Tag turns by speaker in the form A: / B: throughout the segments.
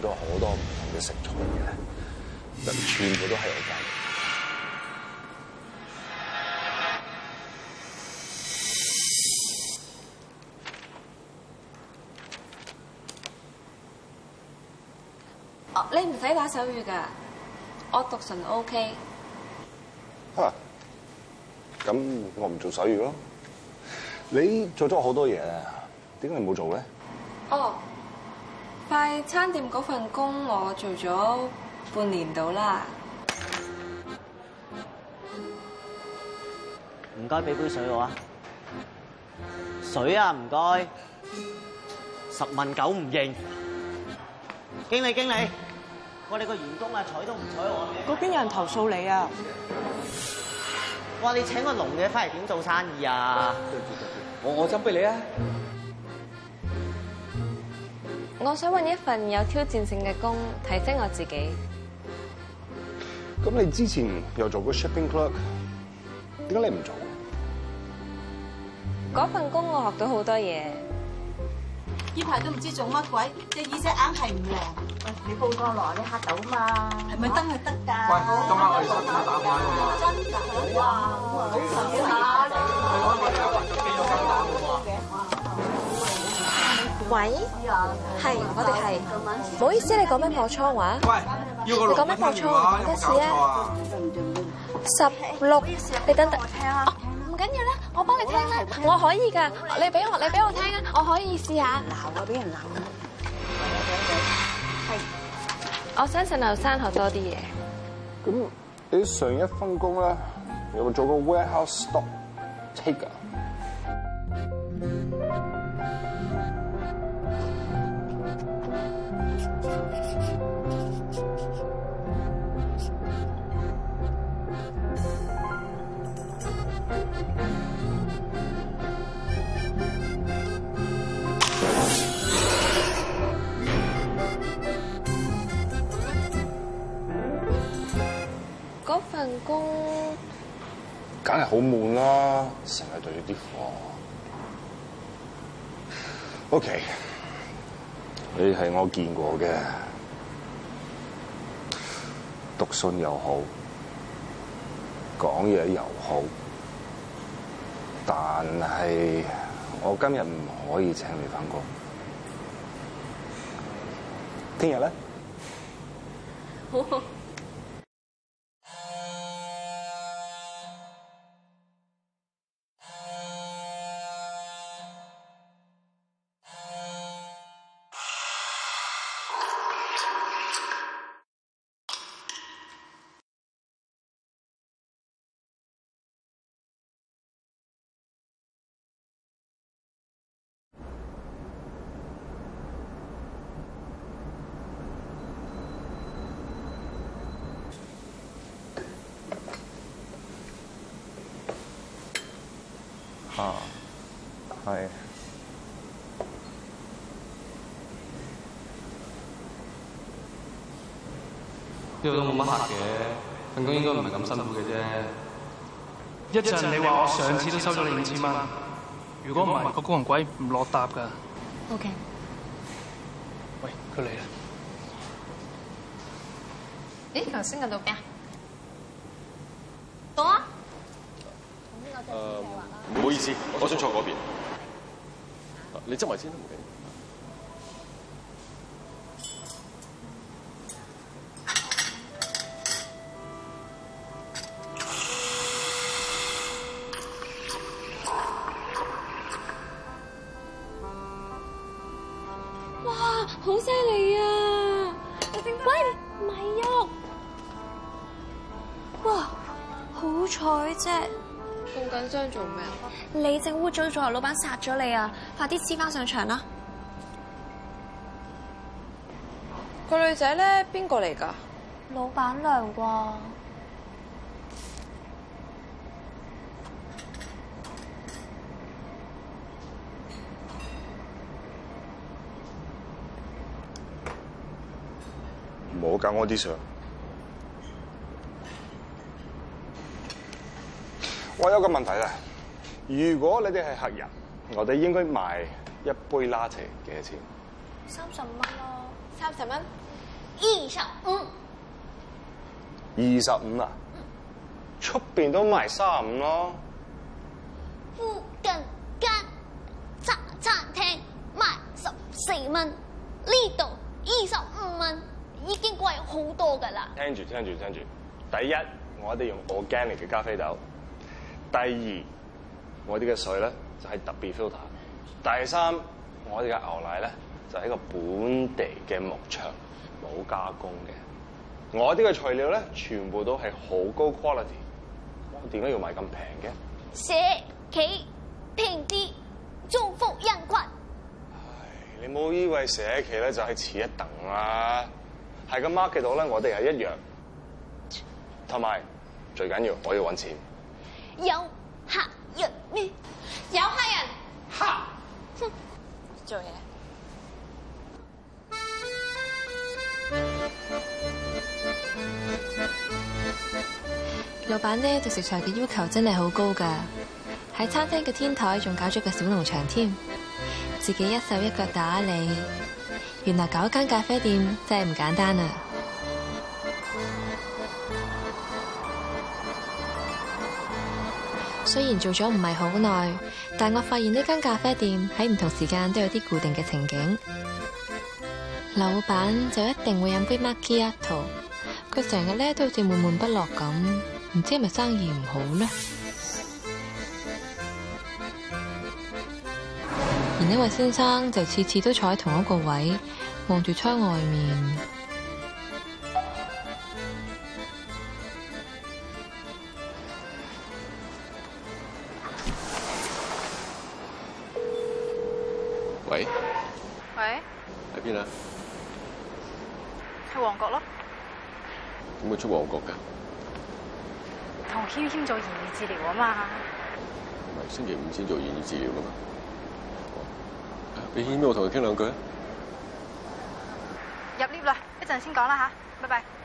A: 都好多唔同嘅食材嘅，全部都係我教。
B: 哦，你唔使打手語㗎，我讀唇。OK。嚇，咁我唔做手語咯。你做咗好多嘢，點解你冇做咧？哦。快餐店嗰份工我做咗半年到啦。唔該俾杯水我啊，水啊唔該，十問九唔應。經理經理，我哋個員工啊睬都唔睬我，嗰邊有人投訴你啊，話你請個聾嘅翻嚟點做生意啊，我我斟俾你啊。我想揾一份有挑戰性嘅工，提升我自己
A: 那。咁你之前又做過 shipping clerk，點解你唔做？
B: 嗰份工我學到好多嘢，依排都唔知做乜鬼，隻耳仔硬係唔靈。喂，你報上來，你嚇到嘛？係咪燈係得㗎？喂，今晚我哋新燈打開喎，真係好啊！喂，係，我哋係，唔好意思，你講乜爆粗話？你講乜爆粗？講多次啊！十六，你等等，唔緊要啦，我幫你聽啦，我可以噶，你俾我，你俾我聽啊，我可以試下。鬧我俾人鬧。係，我想上後生學多啲嘢。
A: 咁你上
B: 一分工啦，有冇做過 warehouse stock taker？真係好悶啦，成日對住啲貨。OK，你係我見過嘅，讀信又好，講嘢又好，但係我今日唔可以請你返工。聽日咧？好。
A: 係，呢度都冇乜客嘅，份工應該唔係咁辛苦嘅啫。一陣你話我上次都收咗你五千
B: 蚊，如果唔係個工人鬼唔落搭㗎。O Okay . K，喂，佢嚟啊。咦、欸？頭先講到邊啊？講啊！
A: 從呢、嗯、個正。唔好意思，我想坐嗰邊。嗯你執埋先都唔緊要。
B: 哇，好犀利啊！喂，咪郁、啊，哇，好彩啫！咁緊張做咩？你整污糟咗，老闆殺咗你啊！快啲黐翻上牆啦！個女仔咧，邊個嚟噶？老闆娘啩。唔好搞我啲相。我有個問題啊，如果你哋係客人。我哋應該賣一杯 latte 幾多錢？三十五蚊咯，三十蚊，二十五，二十五啊！出邊都賣三十五咯。附近間茶餐廳賣十四蚊，呢度二十五蚊已經貴好多㗎啦！聽住聽住聽住。第一，我哋用 organic 嘅咖啡豆；第二，我哋嘅水咧。就係特別 filter。第三，我哋嘅牛奶咧就係一個本地嘅牧場，冇加工嘅。我啲嘅材料咧全部都係好高 quality。我點解要賣咁平嘅？社企平啲，造福人群。唉，你冇以為社企咧就係次一等啦，係個 market 度咧我哋係一樣。同埋最緊要我要揾錢。有客。有客人。哈！哼，做嘢，老闆呢對食材嘅要求真係好高㗎，喺餐廳嘅天台仲搞咗個小農場添，自己一手一腳打理，原來搞間咖啡店真係唔簡單啊！雖然做咗唔係好耐，但我發現呢間咖啡店喺唔同時間都有啲固定嘅情景。老闆就一定會飲杯 Macchiato，佢成日咧都好似悶悶不樂咁，唔知係咪生意唔好呢？
A: 而
B: 呢位先生就次次都坐喺同一個位，望住窗外面。喂，喺邊啊？去旺角咯。
A: 點會出旺角噶？
B: 同謙謙做言語治療啊嘛。
A: 唔係星期五先做言語治療噶嘛？俾謙謙我同佢傾兩句啊。
B: 入 lift 啦，一陣先講啦吓，拜拜。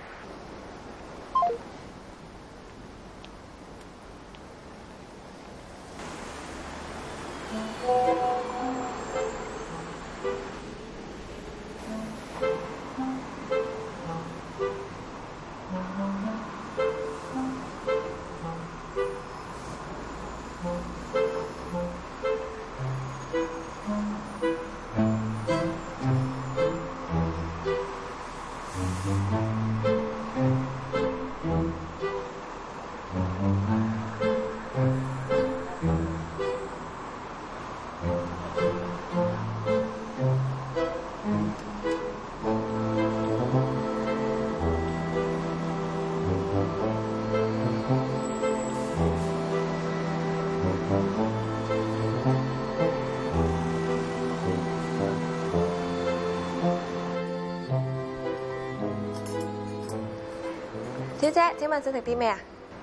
B: 小姐，請問想食啲咩啊？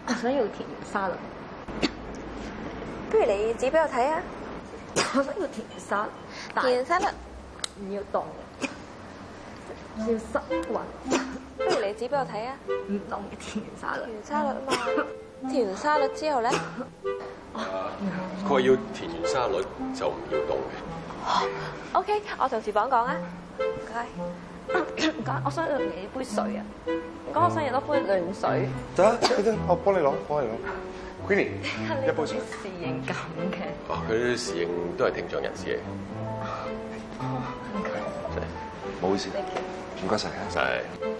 B: 我想要田園沙律，不如你指俾我睇啊！我想要田園沙律，田園沙律唔要凍要濕滑。不如你指俾我睇啊！唔凍嘅田園沙律，田園沙律啊嘛，田園 沙律之後咧，
A: 佢、啊、話要田園沙律就唔要凍嘅。
B: OK，我同廚房講啊，唔該。我想要飲杯水啊！我想要多杯涼水。
A: 得，等我幫你攞，幫你攞。Queenie 一杯水
B: 侍應咁
A: 嘅。哦，佢啲侍應都係聽障人士嘅。唔該，唔 Sir 好意思，唔該晒晒。謝謝。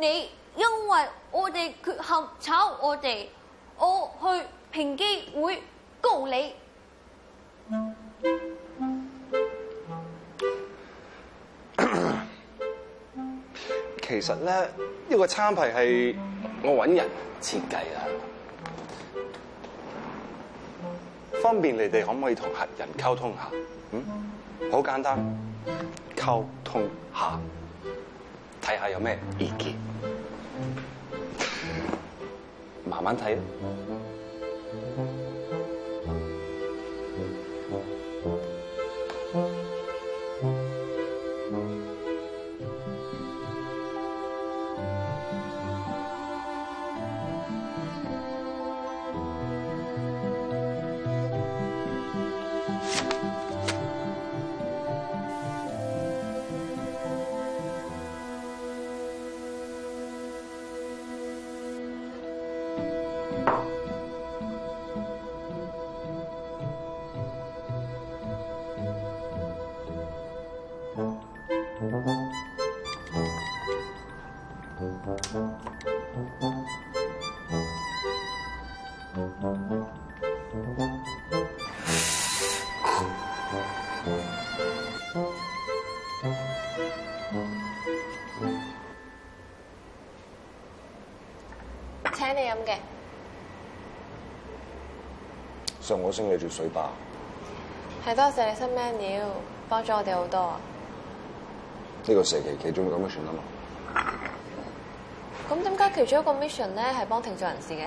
B: 你因為我哋缺陷炒我哋，我去平機會告你。其實咧，呢個餐牌係我揾人設計啊，方便你哋可唔可以同客人溝通一下？嗯，好簡單，溝通一下。睇下有咩意見？慢慢睇。就我升你做水吧，係多謝你新 menu，幫咗我哋好多啊！呢個社企其中一個 mission 啊嘛，咁點解其中一個 mission 咧係幫聽障人士嘅？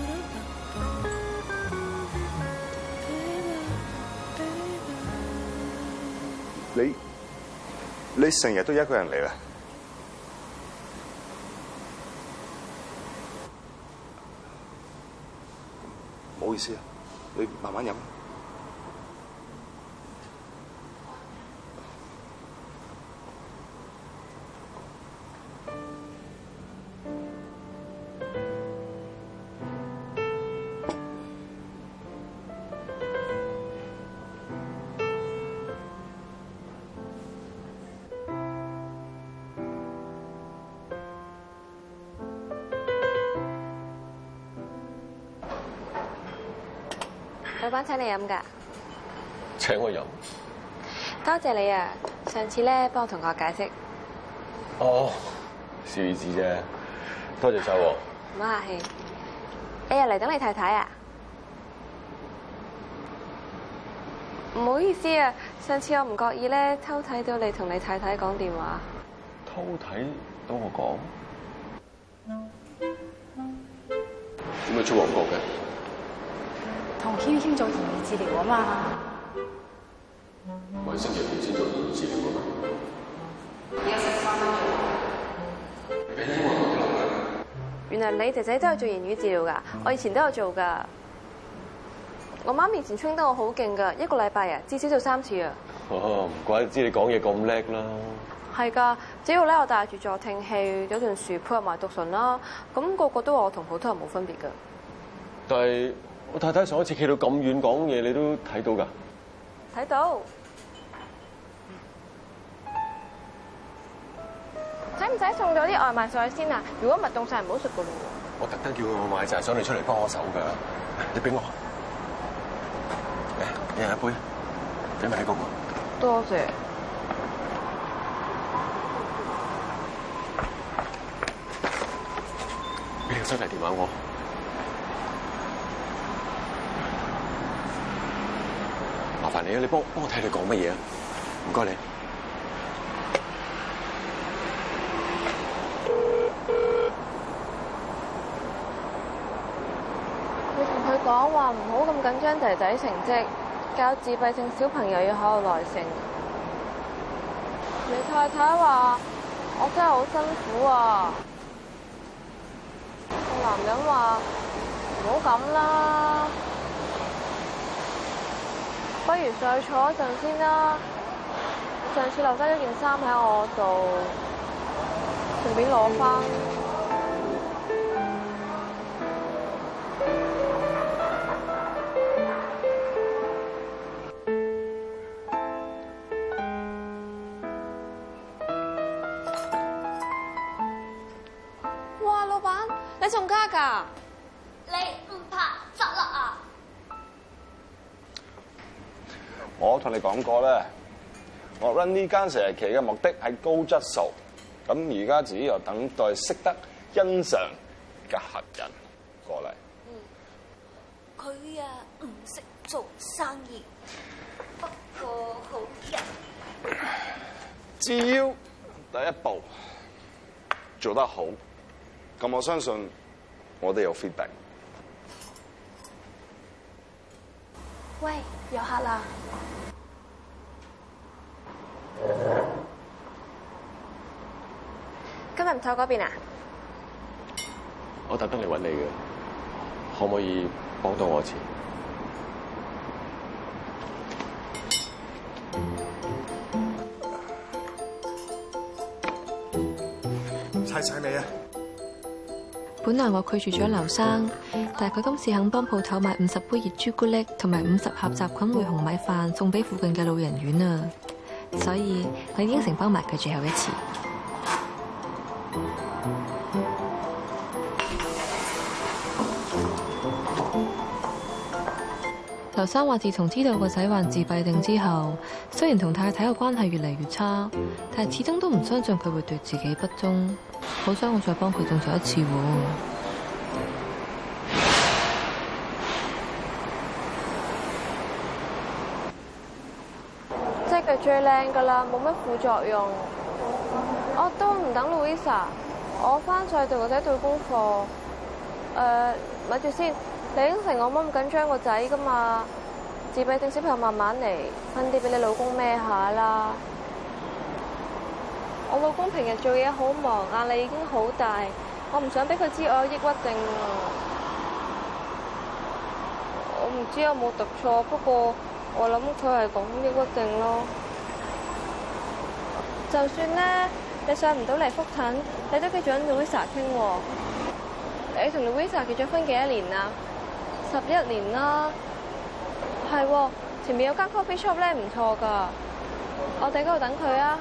A: 你你成日都一個人嚟啊？唔好意思啊，你慢慢飲。
B: 老闆請你飲噶，
A: 請我飲？哦。
B: 多謝你啊！上次咧幫我同我解釋。
A: 哦，小事啫。多謝晒喎。
B: 唔好客氣。哎呀，嚟等你太太啊？唔好意思啊，上次我唔覺意咧偷睇到你同你太太講電話。
A: 偷睇到我講？點解 No. No. 出旺角嘅？
B: 同軒
A: 軒做言語治療啊嘛，雲升爺爺先做完治療啊嘛。而家十
B: 三，原來你姐姐都係做言語治療㗎？我以前都有做㗎。我媽以前沖得我好勁㗎，一個禮拜啊至少做三次啊。哦，
A: 唔怪得知你講嘢咁叻啦。
B: 係㗎，只要咧我戴住助聽器，有陣時配合埋讀唇啦，咁、那個個都話我同普通人冇分別㗎。但
A: 係。我太太上一次企到咁遠講嘢，你都睇到噶？
B: 睇到。使唔使送咗啲外賣上去先啊？如果物凍晒唔好食噶嘞喎！
A: 我特登叫佢去買，就係想你出嚟幫我手噶。你俾我。嚟，你飲杯，飲埋呢個。
B: 多謝，謝。
A: 俾條真係電話我。你幫幫我睇你講乜嘢啊？唔該你他跟
B: 他說。佢同佢講話唔好咁緊張仔仔成績，教自閉症小朋友要好有耐性。你太太話：我真係好辛苦啊。個男人話：唔好咁啦。不如再坐一陣先啦。上次留低咗件衫喺我度，順便攞翻。你講過
A: 咧，我諗呢間石器嘅目的係高質素，咁而家自己又等待識得欣賞嘅客人過嚟。
B: 嗯，佢啊唔識做生意，不過好。只要
A: 第一步做得好，咁我相信我哋有 feedback。
B: 喂，有客啦！今日唔在嗰邊啊！
A: 我特登嚟揾你嘅，可唔可以幫到我一次？唔該晒你啊！
B: 本來我拒絕咗劉生，但係佢今次肯幫鋪頭買五十杯熱朱古力同埋五十盒雜菌燴紅米飯，送俾附近嘅老人院啊！所以，我應承幫埋佢最後一次。劉生話：自從知道個仔患自閉症之後，雖然同太太嘅關係越嚟越差，但係始終都唔相信佢會對自己不忠。好想我再幫佢動作一次。係最靚噶啦，冇乜副作用。嗯哦、都不我都唔等 Louisa，我翻去同個仔對功課。誒、呃，咪住先，李英成，我冇咁緊張個仔噶嘛。自閉症小朋友慢慢嚟，分啲俾你老公孭下啦。我老公平日做嘢好忙，壓力已經好大，我唔想俾佢知我有抑鬱症。我唔知有冇讀錯，不過。我諗佢係講抑鬱症咯，就算咧你上唔到嚟復診，你都幾准同 Louisa 傾喎。你同你 Louisa 結咗婚幾多年啊？十一年啦。係，前面有間 coffee shop 咧唔錯噶，我哋喺度等佢啊。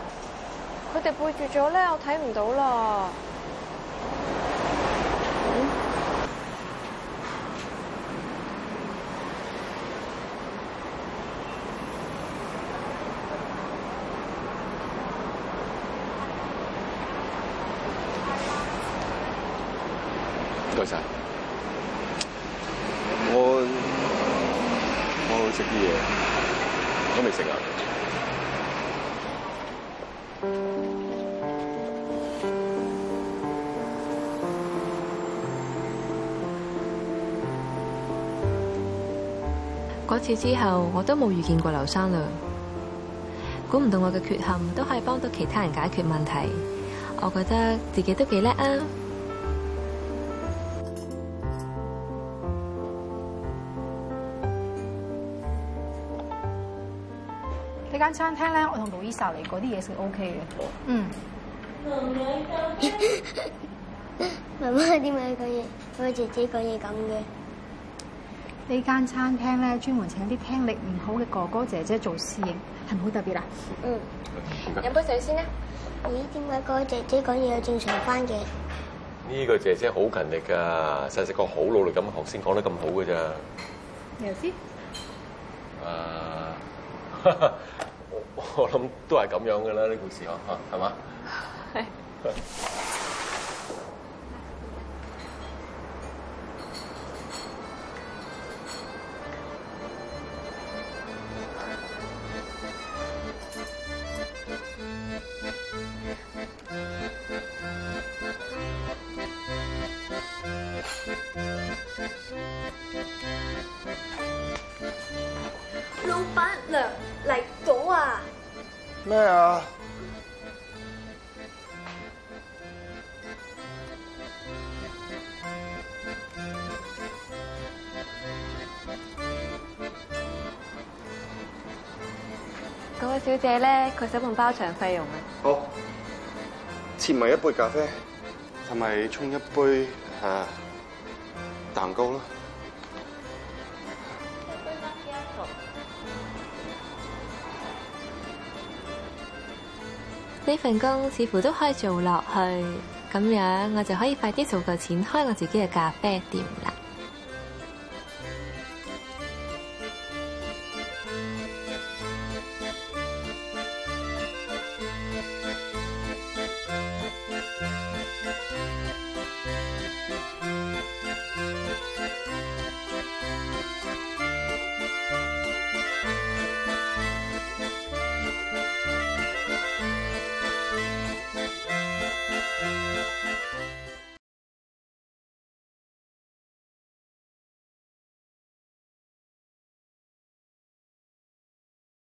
B: 佢哋背住咗咧，我睇唔到啦。嗰次之後，我都冇遇見過劉生啦。估唔到我嘅缺陷都係幫到其他人解決問題，我覺得自己都幾叻啊！餐廳咧，嗯、我同露伊莎嚟嗰啲嘢食 OK 嘅。嗯。媽媽點解講嘢？我姐姐講嘢咁嘅。呢間餐廳咧，專門請啲聽力唔好嘅哥哥姐姐做侍應，係咪好特別啊？嗯。飲杯水先啦。咦？點解哥姐姐講嘢要正常翻嘅？
A: 呢個姐姐好勤力噶，細細個好努力咁學，先講得咁好嘅咋？有啲？啊。我諗都係咁樣嘅啦，呢故事啊，係嘛？係。
B: 老闆娘嚟到啊！咩啊？嗰位小姐咧，佢想問包場費用啊？
A: 好，切埋一杯咖啡，同埋沖一杯啊蛋糕咯。
B: 呢份工似乎都可以做落去，咁樣我就可以快啲儲夠錢開我自己嘅咖啡店啦。